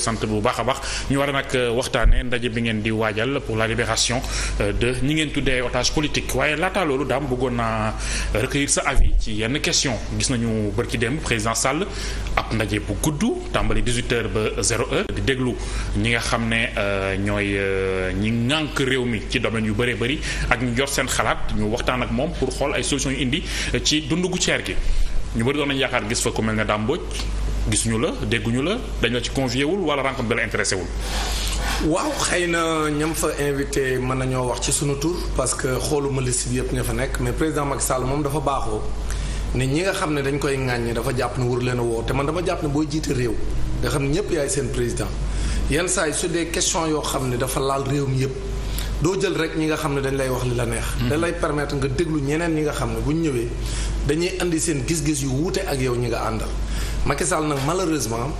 sant bu baax a baax ñu war a euh, waxtaanee ndaje bi ngeen di waajal pour la libération euh, de ñi ngeen tuddee otage politique waaye laata loolu daam bëggoon naa euh, recueillir sa avis ci yenn question gis nañu ci démb président Sall ab ndaje bu guddu tàmbali 18 heures ba 0 di déglu ñi nga xam ne ñooy ñi ŋànk réew mi ci domaine yu bëree bëri ak ñu jot seen xalaat ñu waxtaan ak moom pour xool ay solutions yu indi ci dundu gu ceer gi ñu bëri doon nañu yaakaar gis fa ku gisuñu la dégguñu la dañ la ci convié wul wala rencontre bi la intéressé wul. waaw xëy na ñam fa invité mën nañoo wax ci sunu tur parce que xooluma liste bi yëpp ña fa nekk mais président Macky Sall moom dafa baaxoo ne ñi nga xam ne dañ koy ŋàññi dafa jàpp ne wur leen a woo te man dama jàpp ne booy jiite réew nga xam ne ñëpp yaay seen président yenn saa yi su dee question yoo xam ne dafa laal réew mi yëpp doo jël rek ñi nga xam ne dañ lay wax li la neex. Hmm. dañ lay permettre nga déglu ñeneen ñi nga xam ne bu ñu ñëwee dañuy indi seen gis yu wuute ak yow ñi nga àndal. Macky Sall nag malheureusement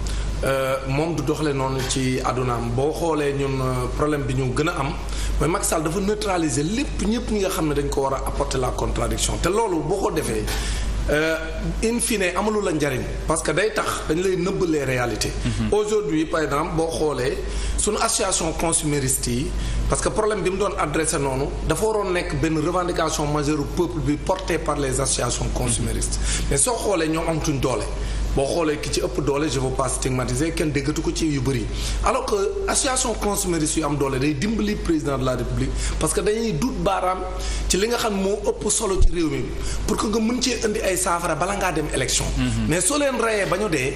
euh, moom du doxale noonu ci àddunaam boo xoolee ñun euh, problème bi ñu gën a am mooy Macky Sall dafa neutraliser lépp ñëpp ñi nga xam ne dañ ko war a apporter la contradiction te loolu boo ko defee euh, in fine amalu la njariñ parce que day tax dañ lay nëbb les réalités mhm. aujourd'hui par exemple boo xoolee suñu association consumériste yi parce que problème bi mu doon adressé noonu dafa waroon nekk benn revendication majeure peuple bi portée par les associations consuméristes mhm. soo xoolee ñoom amatuñ doole boo xoolee ki ci ëpp doole je veux pas stigmatiser kenn déggatu ko ci yu bëri alors que association consumériste yu am doole day dimbali président de la république parce que dañuy dut baaraam ci li nga xam moo ëpp solo ci réew mi pour que nga mun cee indi ay saafara bala ngaa dem élection. Mhm. mais soo leen reyee ba ñu dee.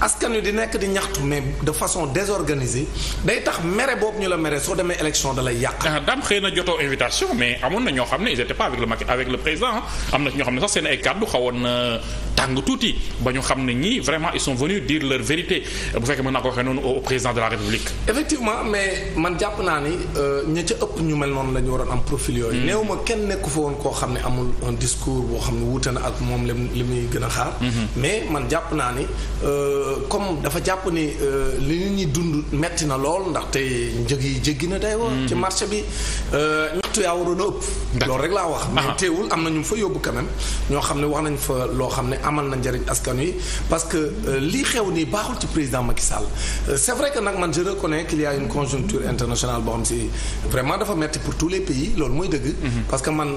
askan wi di nekk di ñaxtu mais de façon désorganisée day tax mere boobu ñu la mere soo demee élection da lay yàq. Ah, daam xëy na jotoo invitation mais amoon na ñoo xam ne ils étaient pas avec le na ñoo xam ne sax seen ay kàddu xawoon na euh, tàng tuuti ba ñu xam ne ñii vraiment ils sont venus dire leur vérité bu fekkee mën naa ko waxee noonu au président de la république. effectivement mais man jàpp naa ni euh, ña ca ëpp ñu mel noonu la ñu waroon am profil yooyu. Hmm. néew ma kenn nekku fa woon koo xam ne amul un discours boo xam ne wuute na ak moom li muy gën a xaar. Hmm. mais man jàpp naa ni euh, comme dafa jàpp ni euh, li nit ñi dund metti na lool ndax te njëg yi jéggi na day woon. Hmm. ci marché bi. nattu yaa waroon a ëpp loolu rek laa wax ah. mais teewul am na ñu mu fa yóbbu quand même ñoo xam ne wax nañ fa loo xam ne amal na njëriñ askan wi parce que euh, li xew nii baaxul ci président Macky Sall euh, c'est vrai que nag man je reconnais qu'il y a une boo xam si vraiment dafa metti pour tous les pays loolu mooy dëgg mm-hmm. parce que man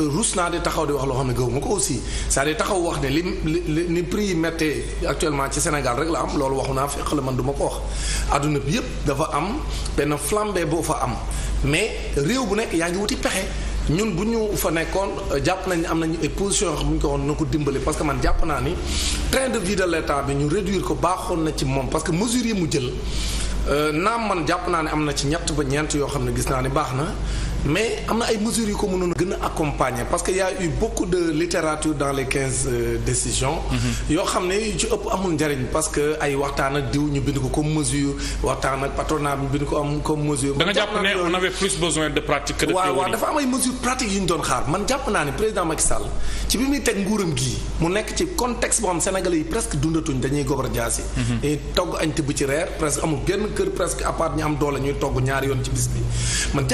euh, rus naa de taxaw di wax loo xam ne gëwuma ko aussi sa à taxaw wax ne li li ni prix yi mettee actuellement ci Sénégal rek la am loolu waxu naa fekk la man du ma ko wax adduna bi yëpp dafa am benn flambée boo fa am mais réew bu nekk yaa ngi wuti pexe ñun bu ñu fa nekkoon jàpp nañ am nañu ay position yoo xam bu ñu ko woon na ko dimbale parce que man jàpp naa ni train de vie de l'état bi ñu réduir ko baaxoon na ci moom parce que mesures mu jël euh, naam man jàpp naa ne am na ci ñett ba ñeent yoo xam ne gis naa ni baax na mais am na ay mesures yu ko mënoon gën a accompagner parce que y' a eu beaucoup de littérature dans les quinze euh, décisions. Mhm. yoo xam ne yu ci ëpp amul njariñ parce que ay waxtaan ak diw ñu bind ko comme mesure waxtaan ak patronat bi bind ko am comme mesure. da nga jàpp ne on avait plus besoin man jàpp naa ne président Macky Sall ci bi muy teg nguuram gii mu nekk ci contexte boo xam Sénégalais yi presque dundatuñ dañuy gobar jaas yi. Mhm. dañuy togg añ te bu ci reer presque amul benn kër presque à ñu am doole ñuy yoon ci bis bi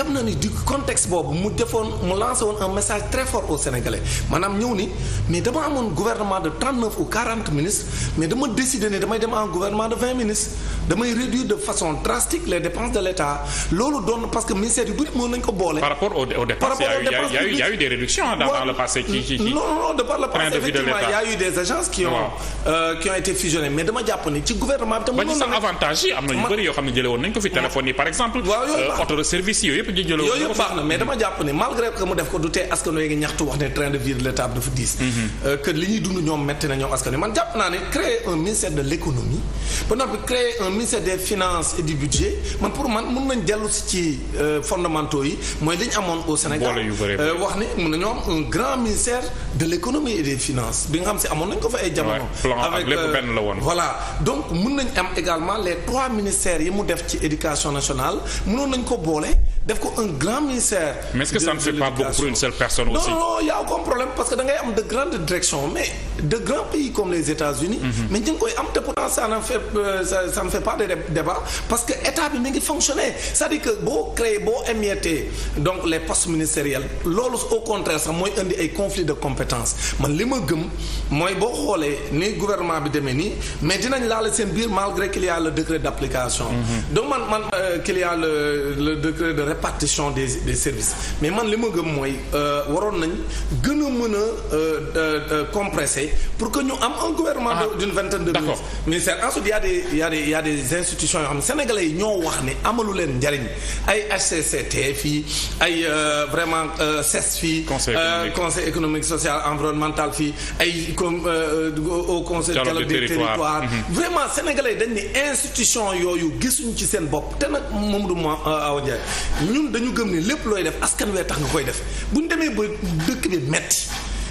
contexte mu defoon mu lancé woon un message très fort aux Sénégalais maanaam ñëw ni mais dama amoon gouvernement de 39 ou 40 ministres mais dama décidé ne damay dem en gouvernement de ministres damay réduire de façon drastique les dépenses de l'État loolu doon parce que ministère yu bëri mën nañu ko boole. par rapport aux dépenses il des réductions dans le passé. ci ci non non de par le passé effectivement des agences euh, qui ont été fusionnées mais baax na mais dama jàpp ne malgré que mu def ko du tee askan wi ñaxtu wax ne train de vie de l' état mm-hmm. euh, li ñuy dund ñoom métti na ñoom askan wi man jàpp naa ne créer un ministère de l' économie et man pour man mun nañ si ci euh, fondamentaux yi mooy li amoon au Sénégal. Euh, wax ni mun nañoo am un grand ministère de l' économie et des finances bi nga xam si amoon nañ ko fa ay jamono. avec voilà donc mun nañ am également les trois ministères yi mu def ci éducation nationale mënoon nañ ko boole. def ko un grand ministère. mais est-ce que ça ne fait pas beaucoup pour une seule personne aussi. non non y' a aucun problème parce que da ngay am de grandes directions mais de grands pays comme les États-Unis mhm. mais ñu ngi koy am te pourtant ça euh, ne fait ça de débat parce que état bi mi ngi fonctionner c'est-à-dire que boo créé boo émietté donc les postes ministériels loolu au contraire sax mooy indi ay conflits de compétence man li ma gëm mooy boo xoolee ni gouvernement bi demee nii mais dinañ laal seen biir malgré qu'il y a le décret d'application. Mhm. donc man man euh, qu'il y a le le décret partition des des services mais man li ma gëm mooy euh, waroon nañ gën a mën a euh, euh, compresser pour que ñu am un gouvernement ah, d'une vingtaine de ministères ensuite y a des y a des y a des institutions yoo xam ne sénégalais yi amalu leen njariñ ay HCCT fii ay vraiment CES fii conseil économique social environnemental fii ay comme au conseil dialogue mm-hmm. vraiment sénégalais yi dañ ni institution yooyu gisuñ ci seen bopp te nag moom du ma aw Ndiaye ñun dañu gëm ni lépp looy def askan wee tax nga koy def bu ñu demee ba dëkk bi metti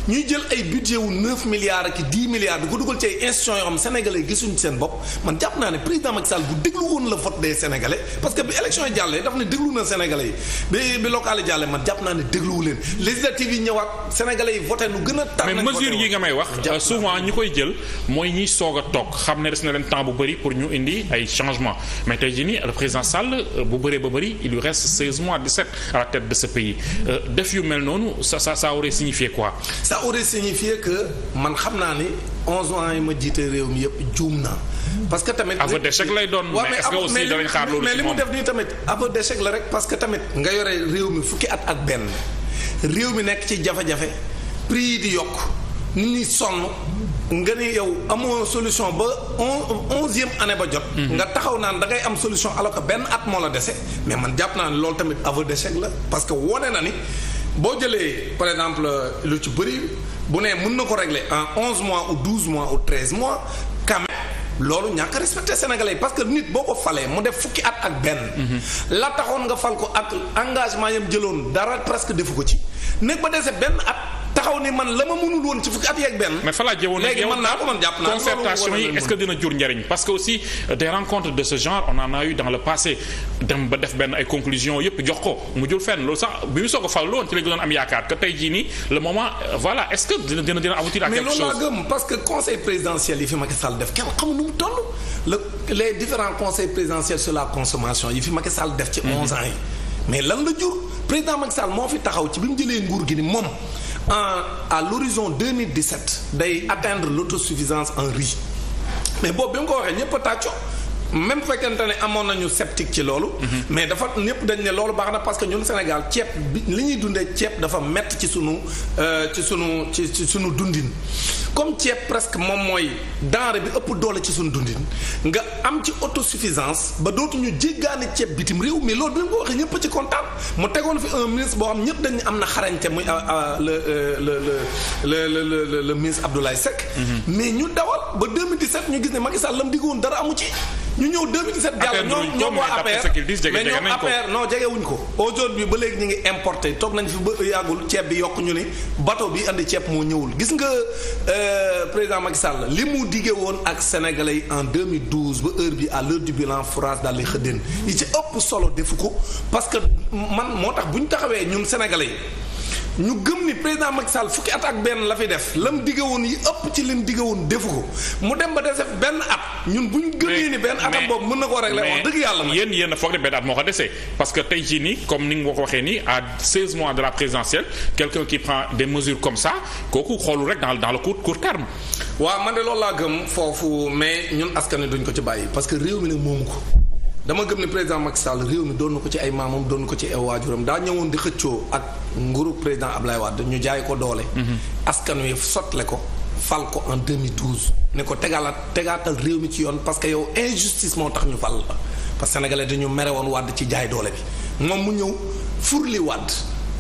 ñuy jël ay budget wu neuf milliards ak dix milliards di ko dugal ci ay institutions yoo xam sénégalais gisuñu seen bopp man jàpp naa ne président Macky Sall bu déglu woon la vote des sénégalais parce que bi élection yi jàllee daf ne déglu na sénégalais yi bi bi locale man jàpp naa ne dégluwu leen législative yi ñëwaat sénégalais yi voté nu gën a tar mais mesure yi nga may wax euh, souvent ñu koy jël mooy ñuy soog a toog xam ne des na leen temps bu bëri pour ñu indi ay changement mais tey jii euh, bu bëree ba bëri il lui reste seize mois dix-sept de euh, def yu mel noonu ça ça ça aurait signifié quoi ça aurait signifié que man xam naa ni onze ans yi ma jiite réew mi yëpp juum naa. parce que tamit aveu d'échec lay doon. mais est-ce que aussi danañ xaar li mu def nii tamit aveu d'échec la rek parce que tamit. nga yore réew mi fukki at ak benn réew mi nekk ci jafe-jafe prix yi di yokk ni ñi sonn. nga ni yow amoo solution ba on onzième année ba jot. Mhm. nga taxaw naan da ngay am solution alors que benn at moo la dese mais man jàpp naa ne loolu tamit aveu d'échec la parce que wone na ni. boo jëlee par exemple lu ci bëri bu nee mun na ko regle en onze mois ou douze mois ou treize mois quand loolu ñàkk a respecté sénégalais yi parce que nit boo ko falee mu def fukki at ak benn mhm. la taxoon nga fal ko ak engagement yam jëloon dara presque defu ko ci nekk ba dese benn at taxaw ni man la ma mënul woon ci fukki at yeeg benn. mais fa laa jëwoon léegi mën naa ko man jàpp naa concertation yi est-ce que dina jur njariñ parce que aussi des rencontres de ce genre on en a eu dans le passé dem ba def benn ay conclusions yëpp jox ko mu jur fenn loolu sax bi mu soog a falu woon ci lañ ko doon am yaakaar que tey jii nii le moment voilà est-ce que dina dina dina aboutir à chose mhm. mais lan la jur président Macky Sall moo fi taxaw ci bi mu jëlee ah à l'horizon 2017 day atteindre suffisance en riz mais boobu bi mu ko waxee ñëpp a tàccoo même fekkente ne amoon nañu sceptique ci loolu. Mhm. mais dafa ñëpp dañ ne loolu baax na parce que ñun Sénégal ceeb bi li ñuy dundee ceeb dafa métti ci sunu euh, ci sunu ci ci sunu dundin comme ceeb presque moom mooy denrée bi ëpp doole ci sunu dundin nga am ci autosuffisance ba dootuñu jéggaani ceeb bitim réew mi loolu bi ñu ko waxee ñëpp ci kontaan mu tegoon fi un ministre boo xam ñëpp dañ am na xarañte muy euh, euh, le le le le le le ministre Abdoulaye Seck. Mhm. mais ñu dawal ba 2017 ñu gis ne Macky Sall la mu diggoon dara amu ci. ñu ñëw 2017 jàll ñoom ñoom waa APR mais ñoom APR non jegewuñ ko aujourd'hui ba léegi ñu ngi importé toog nañ fi ba yàggul ceeb bi yokk ñu ne bateau bi andi ceeb moo ñëwul gis nga euh, président Macky Sall li mu diggee woon ak sénégalais yi en 2012 ba heure bi à l'heure du bilan France daal di xëddeen yi ci ëpp solo defu ko parce que man moo tax bu ñu taxawee ñun sénégalais yi ñu gëm ni président Macky Sall fukki at ak benn la fi def lam digge woon yi ëpp ci lim digge woon defu ko mu dem ba desef benn at ñun bu ñu gëmee ni benn atam boobu mën na koo régler wax dëgg yàlla yéen yéen foog ne benn at moo ko desee parce que tey jii ni comme ni nga ko waxee ni à 16 mois de la présidentielle quelqu'un qui prend des mesures comme ça kooku xoolul rek dans dans le court court terme waaw man de loolu laa gëm foofu mais ñun askan wi duñ ko ci bàyyi parce que réew ko dama gëm ne président Macky Sall réew mi doon na ko ci ay maamam doon ko ci ay waajuram daa ñëwoon di xëccoo ak nguru président Ablaye Wade ñu jaay ko doole. Mm-hmm. askan wi sotle ko fal ko en 2012. ne ko tegalaat tegaatal réew mi ci yoon parce que yow injustice moo tax ñu fal la parce que sénégalais dañu mere woon Wade ci jaay doole bi moom mu ñëw furli Wade.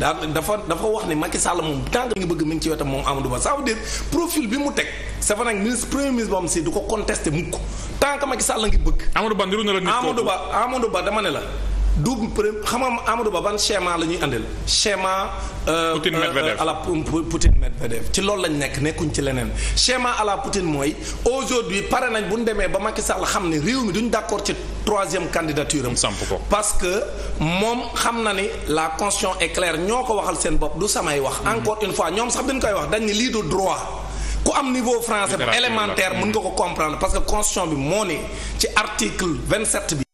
daan dafa dafa wax ne Macky Sall moom tant que nga bëgg mi ngi ci wetam moom Amadou Ba ça veut dire profil bi mu teg c' est ministre premier ministre boo xam si du ko contesté mukk tant que Macky Sall ngi bëgg. Amadou Ba niru na la nit Amadou Ba Amadou Ba dama ne la. du xam nga Amadou Ba ban schéma la ñuy andil schéma. Euh, euh, Poutine Medvedev à ci loolu lañ nekk nekkuñ ci leneen schéma à la Poutine mooy aujourd'hui pare nañ bu ñu demee ba Macky la xam ne réew mi duñ d'accord ci troisième candidature am. samp ko parce que moom xam na ni la conscience est claire ñoo ko waxal seen bopp du samay wax. Mm-hmm. encore une fois ñoom sax bi ñu koy wax dañ ni lii du droit. ku am niveau français bu élémentaire mën nga ko comprendre parce que constitution bi moo ne ci article vingt-sept bi.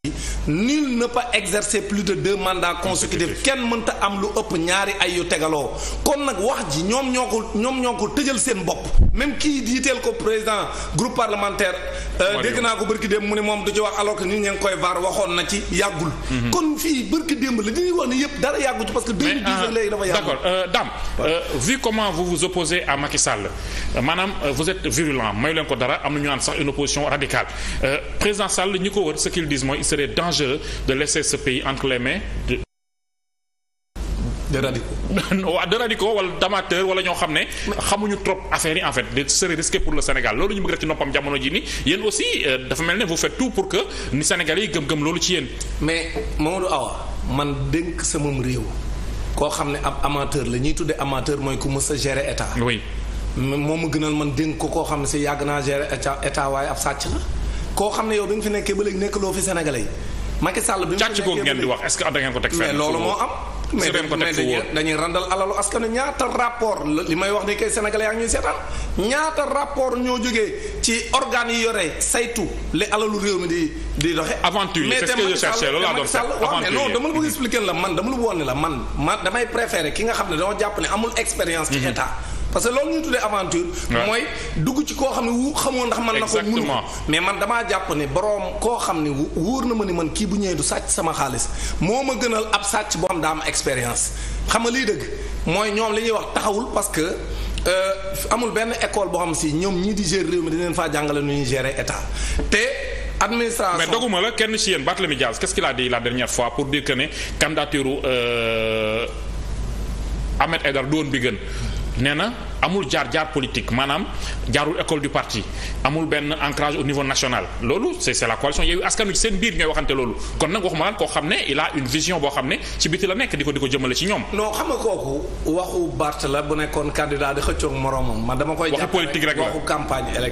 nul ne peut exercer plus de deux mandats consécutifs kenn mënta am lu ëpp ñaari ay yu tegaloo kon nag wax ji ñoom ñoo ko ñoom ñoo ko tëjal seen bopp même kii teel ko président groupe parlementaire euh, dégg naa ko bërki démb mu ne moom du ci wax alors que nit ñi koy vaar waxoon na ci yàggul mhm. kon fii bërki démb la dañuy wax ne yëpp dara yàggu ci parce que 2010 la euh, léegi dafa yàggul d'accord euh, Dame vu comment vous vous opposez à Macky Sall maanaam vous êtes virulent mayu leen ko dara am na ñu naan sax une opposition radicale dangereux de laisser ce pays entre les mains de de radicaux waaw de radicaux wala d'amateur wala ñoo xam ne xamuñu trop affaire yi en fait de serait risqué pour le Sénégal loolu ñu bëgg rek jamono ji yéen aussi euh, dafa mel ne vous faites tout pour que ni Sénégalais yi gëm-gëm loolu ci yéen mais Mamadou Awa man dénk samam réew koo xam ne ab amateur la ñuy tudde amateur mooy ku mës sa gérer état oui moom ma gënal man dénk koo xam si yàgg naa gérer état waaye ab sàcc la koo xam ne yow bi nga fi nekkee ba léegi nekk loo fi Sénégalais yi Macky Sall bi mu càcc googu ngeen di wax est-ce que da ngeen ko teg fenn mais loolu moo am. mais dañuy dañuy randal alalu askanu ñaata rapport li may wax ni kay sénégalais yaa ngi seetaan ñaata rapport ñoo jógee ci organes yi yore saytu li alalu réew mi di di doxe aventurier c'est ce que je cherchais loolu laa doon seet dama la bëgg mhm. expliquer la man dama la woon ni la man man damay préférer ki nga xam ne dama jàpp ne amul expérience ci mhm. état parce que loolu ñu tuddee aventure. mooy dugg ci koo xam ne wu xamoo ndax man na ko munu mais man damaa jàpp ne boroom koo xam ne wóor na ma ne man kii bu ñëwee du sàcc sama xaalis moo ma gënal ab sàcc boo xam daa am expérience xam nga liy dëgg mooy ñoom li ñuy wax taxawul parce que euh, amul benn école boo xam si ñoom ñii di gérer réew mi dinañ faa jàngale nu ñuy gérer état te. administration mais doguma la kenn ci yéen Barthélémy Diaz qu'est-ce qu'il a dit la dernière fois pour dire que ne candidature euh, Ahmed Aïdara doon bi gën amul jaar-jaar politique maanaam jaarul école du parti amul benn ancrage au niveau national loolu c'est c'est la coalition Yewwi Askan Wi seen biir ñooy waxante loolu kon nag waxuma koo xam ne il une vision boo xam ne ci biti la nekk di ko di ko jëmale ci ñoom. non xam nga kooku waxu Bart la bu nekkoon candidat di xëccoog moromam man dama koy. waxu politique rek a waxuma la.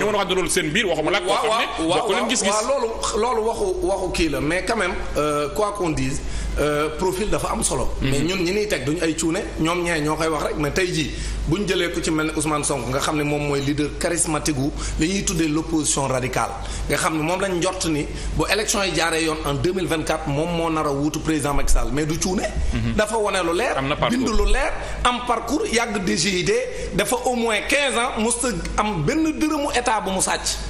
koo xam ne leen gis-gis. loolu loolu waxu kii la mais quand même euh, quoi qu'on dise euh, dafa am solo. Mm-hmm. ñun ñi niy teg duñu ay cuune ñoom ñee ñoo koy wax rek mais tey jii bu ñu jëlee ku ci mel ne Ousmane Sonko nga xam ne moom mooy leader charismatique wu li ñuy tuddee l' opposition radicale nga xam ne moom lañ njort ni bu élection yi jaaree yoon en 2024 moom moo nar a wuutu président Macky Sall mais du cuune mhm. dafa wane lu leer bind lu leer am parcours yàgg DGID dafa au moins 15 ans mos a am benn dërëmu état bu mu sàcc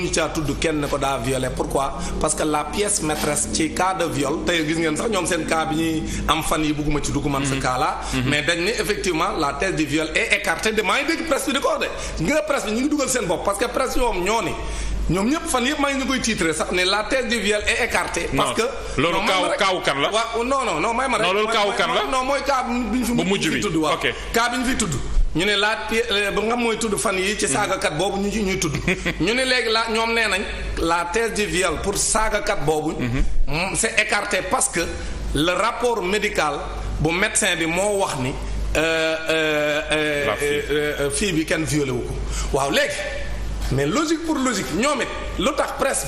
mënuñu caa tudd kenn ko daa violé pourquoi parce que la pièce maîtresse ci cas de viol tey gis ngeen sax ñoom seen cas bi ñuy am fan yi bugguma ci dugg man sa mhm. Mhm. mais dañ ne effectivement la thèse du viol est écartée de maa ngi dégg presse bi di nga presse ñu ngi dugal seen bopp parce que presse yoom ñoo ni ñoom ñëpp fan yëpp maa ngi ñu koy titré sax ne la thèse du viol est écartée. parce que loolu kaawu kan la. waaw non non non may ma rek. non loolu ñu ne laa ba nga mooy tudd fan yi ci saagakat boobu ñu ci ñuy tudd ñu ne léegi laa ñoom nee nañ la thèse vial viol pour saagakat boobu mhm. c'est écarté parce que le rapport médical bu médecin bi moo wax ni euh, euh, euh, fii bi kenn violé wu ko waaw léegi mais logique pour logique ñoom it lu tax presse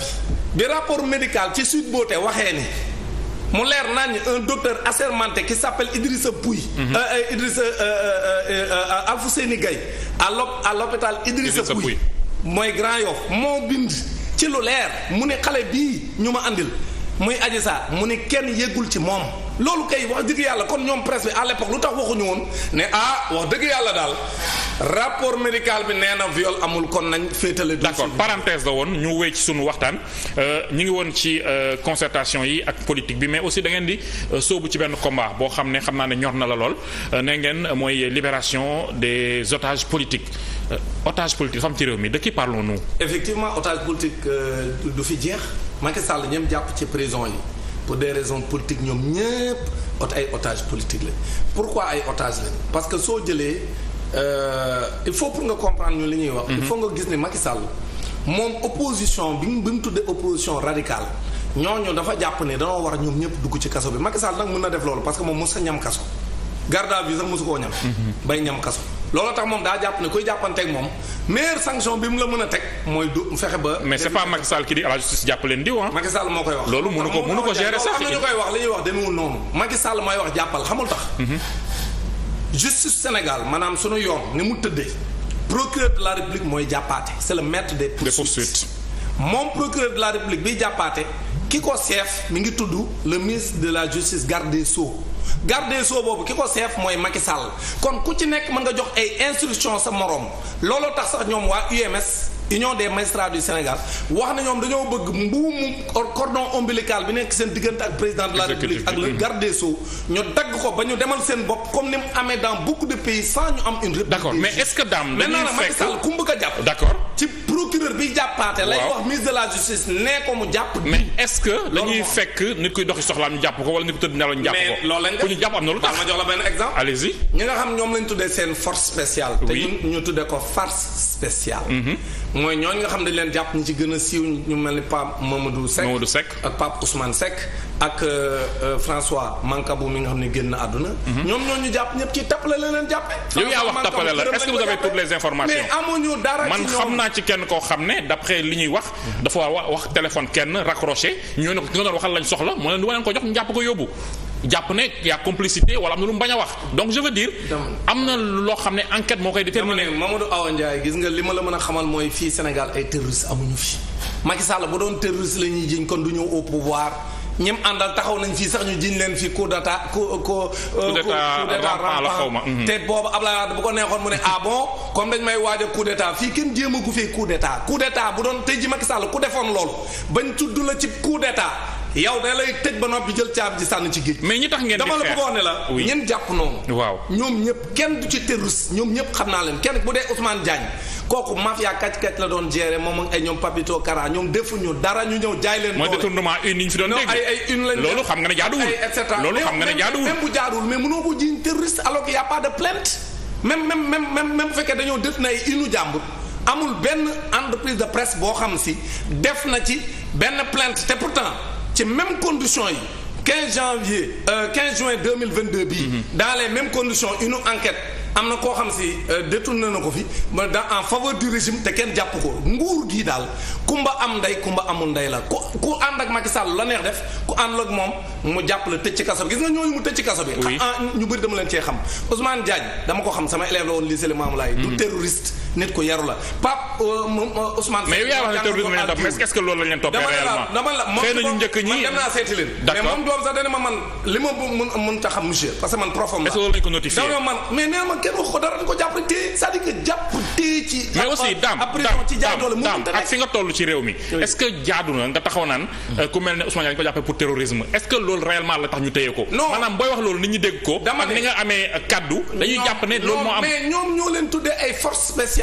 bi bi rapport médical ci Sweet Beauté waxee ni mu leer naan un docteur assermenté qui s'appelle Idrissa Pouye mhm. euh, euh, Idrissa euh, Alfousseni Gaye à l'hôp à l'hôpital Idrissa Pouye mooy Grand Yoff moo bind ci lu leer mu ne xale bii ñu ma indil muy Adji Sarr mu ne kenn yëgul ci moom loolu kay wax dëgg yàlla kon ñoom presse bi à l'époque lu tax waxuñu woon ne ah wax dëgg yàlla daal rapport médical bi nee na viol amul kon nañ féetale. d'accord parenthèse la woon ñu wéy ci sunu waxtaan euh, ñu ngi woon ci euh, concertation yi ak politique bi mais aussi da ngeen di euh, sóobu ci benn combat boo xam ne xam naa ne ñor na la lool nee ngeen mooy libération des otages politiques otages politiques xam ci réew mi de qui parlons-nous. effectivement otage politique du fi jeex Macky Sall ñoom jàpp ci prison yi. pour raison raisons ñoom ñëpp ot ay otage politique lañ pourquoi ay otage lañ parce que soo jëlee euh, il faut pour nga comprendre ñu li ñuy wax il faut nga gis ne Macky Sall moom opposition bi bi mu tuddee opposition radicale ñooñu dafa jàpp ne danoo war ñoom ñëpp dugg ci kaso bi Macky Sall nag mën na def loolu parce que moom mos sa ñam kaso garde à vue sax koo ñam mm-hmm. bay ñam kaso looloo tax moom daa jàpp ne koy jàppanteeg moom meilleure sanction bi mu la mën a teg mooy du fexe ba. mais c'est pas Macky Sall qui dit justice jàpp leen diw ah. moo koy wax. loolu mënu ko mënu ko gérer sax. am na ñu koy wax li ñuy wax demewul noonu Macky Sall mhm. Sénégal maanaam sunu yoon ni mu tëddee. procureur la République mooy jàppaate c'est le maître des poursuites moom procureur de la République biy jàppaate. ki ko seef mi ngi tudd le ministre de la justice garde so sceaux garde des boobu ki ko seef mooy Macky Sall kon ku ci nekk mën nga jox ay instruction sa moroom looloo tax sax ñoom waa u Union des magistrats du Sénégal wax na ñoom dañoo bëgg mbuumu cordon ombilical bi nekk seen diggante ak président de la république ak le mm. garde des sceaux ñu dagg ko ba ñu demal seen bopp comme ni mu amee dans beaucoup de pays sans ñu am une république d'accord mais est-ce que daam dañuy fekk jàpp d'accord bi jàppaate lay wax ministre de la justice nee ko mu jàpp mais est-ce que dañuy fekk nit kuy doxi soxlaam ñu jàpp ko wala nit ku tëdd nelaw ñu jàpp ko mais ku ñu jàpp am na lu tax ma jox la benn exemple nga xam ñoom lañ tuddee seen force spéciale te ñu tuddee ko farce spéciale mhm. mooy ñooñu nga xam dañ leen jàpp ñu ci gën a siiw ñu mel ni Pape Mamadou Seck Mamadou Seck ak Pape Ousmane Seck ak euh, euh, François Mancabou mi nga xam ne a àdduna. Mhm. ñoom ñooñu jàpp ñëpp ci tappale la leen jàppe yow yaa wax tappale la est-ce que vous les informations man xam naa ci kenn koo xam ne d'après li ñuy wax dafa wax téléphone kenn raccroché ñoo ne ko ki nga doon waxal lañ soxla moo leen du ma leen ko jox ñu jàpp ko yóbbu jàpp ne y'a complicité wala am na lu mu bañ a wax donc je veux dire. am na loo xam ne enquête moo koy déterminer. Mamadou Awa Ndiaye gis nga li ma la mën a xamal mooy fii Sénégal ay terroristes amuñu fi Macky Sall bu doon terroriste la ñuy jiñ kon du ñëw au pouvoir. ñim àndal taxaw nañ fii sax jiñ leen fi coup d'état coup coup d'état rampant mm-hmm. te boobu Abdoulaye Wade bu ko neexoon mu ne ah bon comme dañ may waaj a fii kenn jéem fee coup d'état coup bu doon tey ji Macky Sall ku defoon loolu bañ tudd la ci coup d'état yow day lay tëj ba noppi jël caabi ji sànni ci géej. mais ñi tax ngeen di xeex dama la bëggoon ne la. oui jàpp noonu. waaw ñoom ñëpp kenn du ci terroriste ñoom ñëpp xam naa leen kenn bu dee Ousmane Diagne kooku mafia kàcc kàcc la doon gérer moom ak ay ñoom Papito Kara ñoom defuñu dara ñu ñëw jaay leen. mooy détournement une ñu fi doon dégg. ay ay une loolu xam nga ne jaaduwul et cetera loolu xam nga ne jaaduwul même bu jaaduwul mais mënoo ko jiiñ terroriste alors qu'il y a pas de plainte même même même même même fekkee dañoo def na ay inu amul benn entreprise de presse boo xam si def na ci benn plainte te pourtant ci même condition yi 15 janvier euh, deux mille juin 2022 bii mhm. dans les mêmes conditions une enquête am na koo xam si euh, détourné na ko fi ma da en faveur du régime te kenn jàpp ko nguur gii daal kumba am ndey kumba amul ndey la ku ku ànd ak Macky Sall la neex def ku ànd ak moom mu jàpp la tëj ci kaso bi gis nga ñooñu mu tëj ci kaso bi. ñu bëri dama leen cee xam Ousmane Diagne dama ko xam sama élève la woon lycée Limamoulaye du mhm. terroriste. nit ku yaru la Pape euh, Ousmane. mais yow wax ne terrorisme la ñu topp mais est loolu la ñu leen toppee réellement mais moom ma kenn wax ko dara dañ ko jàpp téye c'est-à-dire jàpp téye ci. mais aussi daam daam ci jaadu na nga taxaw naan euh, ku mel ne Ousmane dañ ko jàppee pour terrorisme est loolu réellement la tax ñu téye ko. maanaam booy wax loolu nit ñi dégg ko. dama ni nga amee kaddu. dañuy jàpp ne loolu moo am ñoom ñoo leen tuddee ay forces spéciales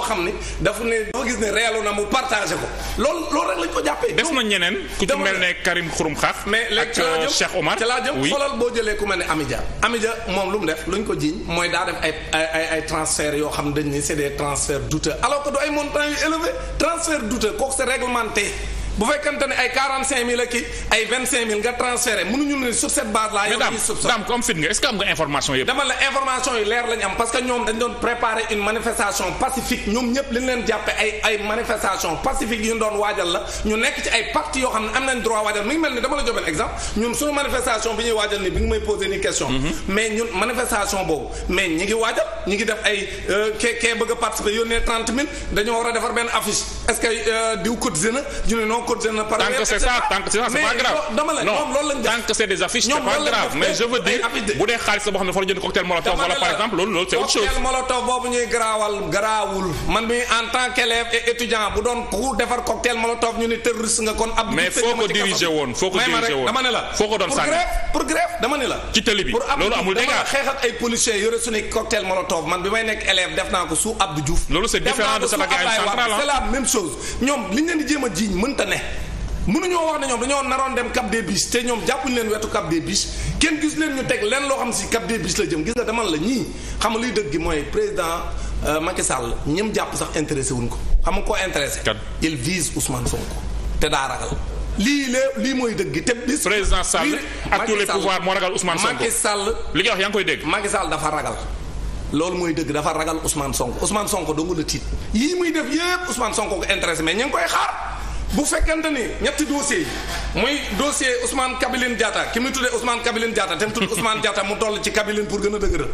loo xam ne dafa ne dafa gis ne reelu na mu partage ko loolu loolu rek lañ ko jàppee. des na ñeneen ku ci mel ne Karim Xurum Xax. mais léegi ca euh, laa jëm Cheikh Omar ca laa jëm xoolal boo jëlee ku mel ne Amidia. Amidia moom lu mu def luñ ko jiiñ mooy daa def ay ay ay yoo xam dañ ni c'est des transferts douteux alors que du ay montants yu élevés transfert douteux kooku c'est réglementé. bu fekkante ne ay 45000 ak ay 25000 nga transféré mënuñu ne sur cette base là. yow dañuy soupçon mais daam comme fit nga est ce que am nga information yëpp. dama la information yi leer lañu am parce que ñoom dañ doon préparer une manifestation pacifique ñoom ñëpp li ñu leen jàppe ay ay manifestation pacifique yu ñu doon waajal la ñu nekk ci ay parti yoo xam ne am nañ droit waajal mi ngi mel ni dama la jox exemple ñun suñu manifestation bi ñuy waajal mhm. euh, a participer yónnee 30 000 dañoo war a defar benn affiche. est euh, diw cotisé na ñu ne non cotisé na. par c'est ça tant c'est ça c'est pas grave. dama la ñoom loolu lañ def tant c'est des affiches c'est pas grave mais je veux dire bu dee xaalis la boo xam ne fa la jënd cocktail molotov wala par exemple loolu loolu c'est cocktail molotov boobu ñu ne terroriste nga kon. ab mais foo ko diriger woon foo ko diriger woon dama ne la. foo ko doon sànni pour grève dama ne la. ci télé bi loolu amul dégg nga xeex ay policiers yore chose ñoom li ñu leen di jéem a jiiñ mënta ne mënuñoo wax ne ñoom dañoo naroon dem Cap des Biches te ñoom jàppuñu leen wetu Cap des Biches kenn gis leen ñu teg leen loo xam si Cap des Biches la jëm gis nga dama la ñii xam nga liy dëgg mooy président euh, Macky Sall ñim jàpp sax intéressé wuñ ko xam nga koo intéressé. il vise Ousmane Sonko te daa ragal. lii lee lii mooy dëgg te bis. président Sall ak tous les pouvoirs Sall li nga wax yaa ngi koy dégg. Macky Sall dafa ragal. loolu mooy dëgg dafa ragal Ousmane Sonko Ousmane Sonko dong la tiit yii muy def yépp Ousmane Sonko ko intéressé mais ñu ngi koy xaar. bu fekkente ni ñetti dossiers yi muy dossier Ousmane Kabiline Diatta ki mu tudd Ousmane Diatta mu toll ci Kabiline pour gën a dëgëral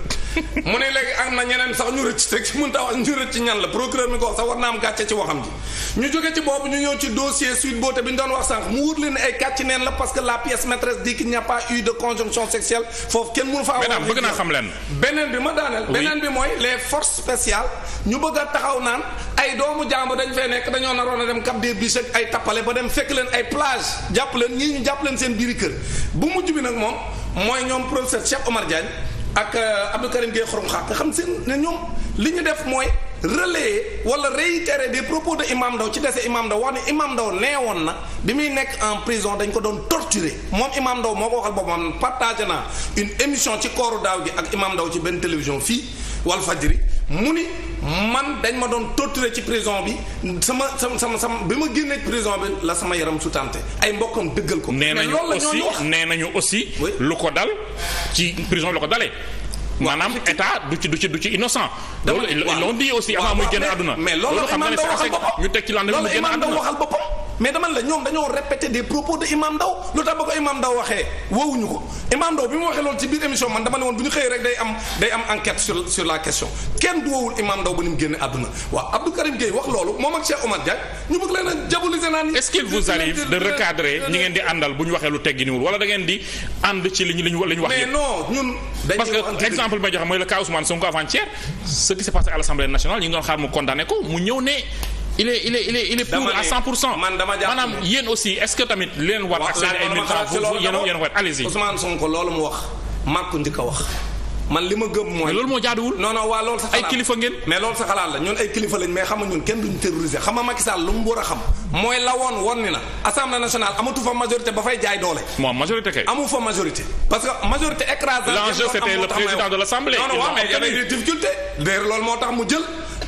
mu ne léegi am na ñeneen sax ñu ci mën ta wax ñu rëcc ñan la procureur mi ko sax war naa am gàcce ci waxam ji ñu jóge ci boobu ñu ñëw ci dossier Sweet Beauté bi ñu doon wax sànq mu wóor leen ay kàcc neen la parce la pièce maîtresse dit qu'il n'y a de conjonction sexuelle foofu kenn mënu fa am bëgg naa xam leen beneen bi ay tappale ba dem fekk leen ay plage jàpp leen ñii ñu jàpp leen seen biiri kër bu mujj bi nag moom mooy ñoom professeur Cheikh Omar Diagne ak euh, Abdou Karim Gueye xorom xaar nga xam seen ne ñoom li ñu def mooy relayer wala réitérer des propos de Imam Ndao ci dese Imam Ndao wax ne Imam Ndao nee woon na bi muy nekk en prison dañ ko doon torturer moom Imam Ndao moo ko waxal boppam partagé naa une émission ci kooru daaw gi ak Imam Ndao ci benn télévision fii Walfadjri mu man dañ ma doon torturer ci prison bi sama sama sama sama bi ma génnee prison bi la sama yaram sutante ay mbokkam dëggal ko. mais loolu la ñoo wax nee nañu aussi nee nañu aussi lu ko dal ci prison bi la ko dalee. maanaam état du ci du ci du ci innocent. loolu loolu xam nga ne ñu mais dama la ñoom dañoo répété des propos de Imam Ndao lu tax ko Imam Ndao waxee woowuñu ko Imam Ndao bi mu waxee loolu ci biir émission man dama woon bu ñu xëyee rek day am enquête sur la question kenn du woowul Imam Ndao ba ni mu génne àdduna waaw Abdou Karim Gueye wax loolu moom ak Cheikh Omar Diagne ñu bëgg leen a diaboliser naan est-ce de recadrer ñi ngeen di àndal bu ñu waxee lu tegginiwul wala da ngeen di ànd ci liñ liñ liñ bi may joxe mooy le cas Ousmane Sonko avant-hier ce qui s'est passé à l'Assemblée nationale ñu ngi doon xaar mu condamné ko mu ñëw il est il est il est il est pour à 100 pour cent maanaam yéen aussi est ce que tamit leen war ak seen ay militants yéen yéen war allez a ma mooy loolu moo jaaduwul non non waa loolu ay kilifa ngeen mais loolu sa xalaat la ñun ay kilifa lañ mais xam nga ñun kenn duñu lu mu war a xam mooy la woon woon ni na assemblée nationale amatu fa majorité ba fay jaay doole moom majorité kay amu fa majorité parce que majorité écrasante l'enjeu c'était le président de l'assemblée non non waaw mais il y avait moo tax mu jël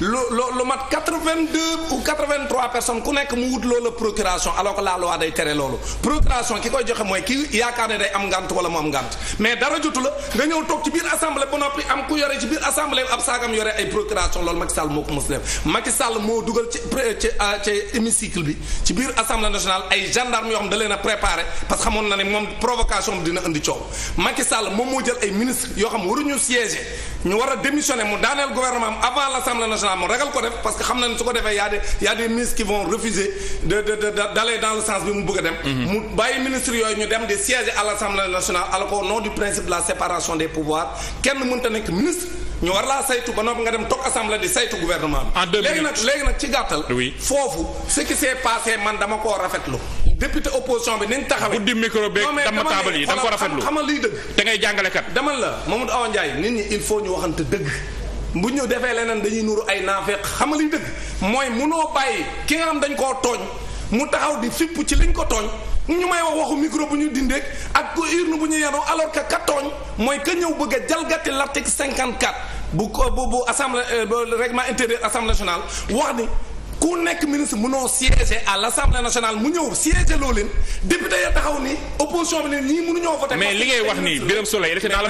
lu lu mat quatre-vingt-deux ou quatre-vingt-trois personnes ku nekk mu wut loola procuration alors que la loi day tere loolu procuration ki koy joxe mooy ki yaakaar ne day am ngànt wala mu am ngànt mais dara jotu la nga ñëw toog ci biir assemblée ba noppi am ku yore ci biir assemblée ab saagam yore ay procuration loolu Macky Sall moo ko mos def Macky moo dugal ci ah, ci hémicycle bi ci biir assemblée nationale ay gendarme yoo xam da leen a préparé que xamoon na ne moom provocation bi dina indi coow Macky moom moo jël ay ministre yoo xam waruñu siéger ñu war a démissionner mu daaneel gouvernement am avant l'Assemblée nationale mu ragal ko def parce que xam na ne su ko defee y a des y a des qui vont refuser de de de d'aller dans le sens bi mu bëgg a dem. Mhm. mu bàyyi ministres yooyu ñu dem di siéger à l'Assemblée nationale alors qu'au du principe la séparation des pouvoirs kenn mënta nekk ministre. ñu war laa saytu ba noppi nga dem toog assemblée di saytu gouvernement bi. léegi nag léegi nag ci gàttal. foofu man dama koo rafetlu. député opposition bi nañ taxawee. guddi micro beeg dama taabal yi da nga ko rafetlu xamal liy dëgg. te ngay jàngalekat. dama la Mamadou Awa Ndiaye nit ñi il faut ñu waxante dëgg. bu ñu defee leneen dañuy nuru ay naafeq xam nga liy dëgg mooy munoo bàyyi ki nga xam dañ koo tooñ mu taxaw di fipp ci liñ ko tooñ ñu may wax waxu micro bu ñu dindeek ak ko urne bu ñu yenoo alors que ka tooñ mooy ka ñëw bëgg a jalgati l'article 54 bu bu bu assemblée euh, règlement intérieur assemblée nationale wax ni. ku nekk ministre mënoo siéger à l' assemblée mu ñëw siéger loo député ya taxaw ni opposition bi ne ñii mënuñoo voté. mais li wax nii Birame Souleye il était dans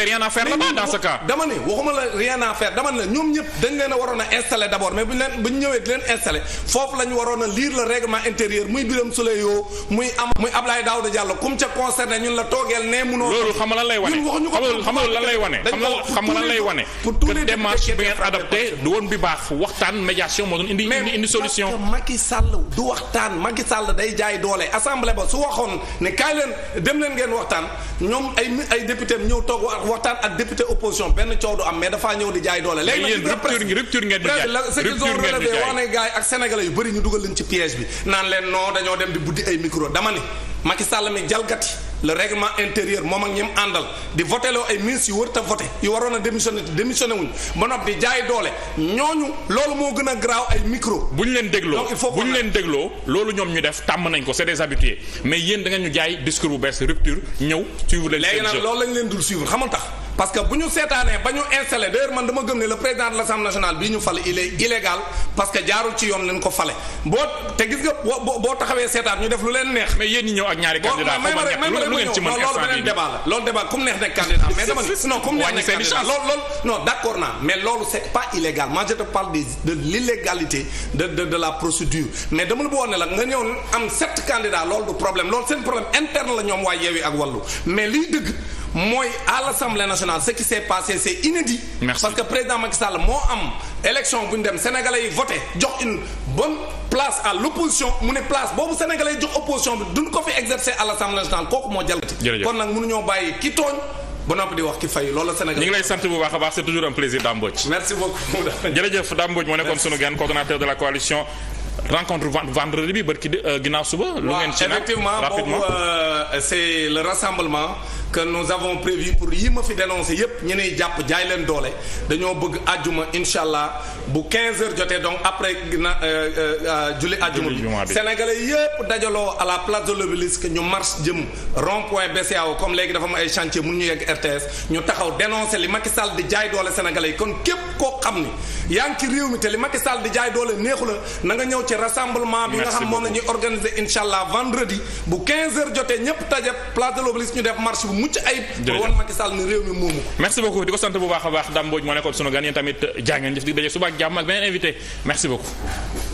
rien à faire là-bas dans ce dama ne waxuma la rien à faire dama ne ñoom ñëpp dañ leen waroon a installé d' mais bu ñëwee leen installé foofu la waroon a lire le règlement intérieur muy Birame Souleye yoo muy am muy Abdoulaye Daouda Diallo comme ca concerné ñun baax waxtaan médiation moo doon indi indi solution. mais Macky Sall du waxtaan Macky sàll day jaay doole assemblée ba su waxoon ne kaay leen dem leen ngeen waxtaan ñoom ay ay député ñëw toog waxtaan ak député opposition benn coow du am mais dafaa ñëw di jaay doole. léegi nag rupture rupture ngeen di jaay rupture ngeen di jaay wax ne gars ak sénégalais yu bëri ñu dugal leen ci piège bi naan leen noo dañoo dem di buddi ay micro dama ne Macky Sall mi la règlement intérieur moom ak ñi àndal di voté loo ay ministres yu wër ta voté yu waroon a démissionné démissionné wuñ ba noppi di jaay doole ñooñu loolu moo gën a garaaw ay micro. bu ñu leen dégloo bu ñu leen dégloo loolu ñoom ñu def tàmm nañ ko c'est des habitués mais yéen da nga ñu jaay discours bu bees rupture ñëw suivre leen. léegi nag loolu lañ leen dul suivre xamal tax. parce que bu ñu seetaanee ba ñu installé d'ailleurs man dama gëm ne le président de l'Assemblée nationale bii ñu fale il illégal parce que jaarul ci yoon lañ ko fale boo te gis nga boo boo taxawee seetaan ñu def lu leen neex. mais yéen ñi ñëw ak ñaari candidat lu ngeen ci mën loolu beneen débat la loolu débat comme neex nekk candidat loolu de l'illégalité de de de la procédure mais dama la bëggoon ne la nga ñëw am sept candidats loolu du problème loolu seen problème interne la ñoom waa Yewwi mooy à l'Assemblée nationale ce qui s'est passé c'est inédit. Merci. parce que président Macky moo am élection bu dem sénégalais yi voté jox une bonne place à l'opposition mu ne place boobu sénégalais yi jox opposition bi duñ ko fi exercer à l'Assemblée nationale kooku moo jalgati. kon nag mënuñoo bàyyi ki tooñ. ba noppi di wax ki fay loolu Sénégal. ñu ngi lay sant bu baax a baax c'est toujours un plaisir Dame Mbodj. merci beaucoup. jërëjëf Dame Mbodj moo nekkoon sunu gan coordonnateur de la coalition. rencontre vendredi bi barki euh, ginnaaw suba. que nous avons prévu pour yi ma fi dénoncé yépp ñu nuy jàpp jaay leen doole dañoo bëgg àjjuma incha allah bu 15 heures jotee donc après na euh, euh, euh, julli àjjuma bi sénégalais yépp dajaloo à la place de l'Obélisque ñu marche jëm rond point BCEAO comme léegi dafa am ay chantier mun ñu yegg RTS ñu taxaw dénoncé li Macky Sall di jaay doole sénégalais yi kon képp koo xam ni yaa ngi ci réew mi te li Macky Sall di jaay doole neexu la na nga ñëw ci rassemblement bi nga xam moom la ñuy organiser incha allah vendredi bu 15 heures mucc ay jërëjëf ba woon Macky réew mi moomu ko. merci beaucoup di ko sant bu baax a baax Dame Mbodj moo nekkoon sunu gan yéen tamit jaa ngeen jëf di daje suba ak jàmm ak beneen invité merci beaucoup.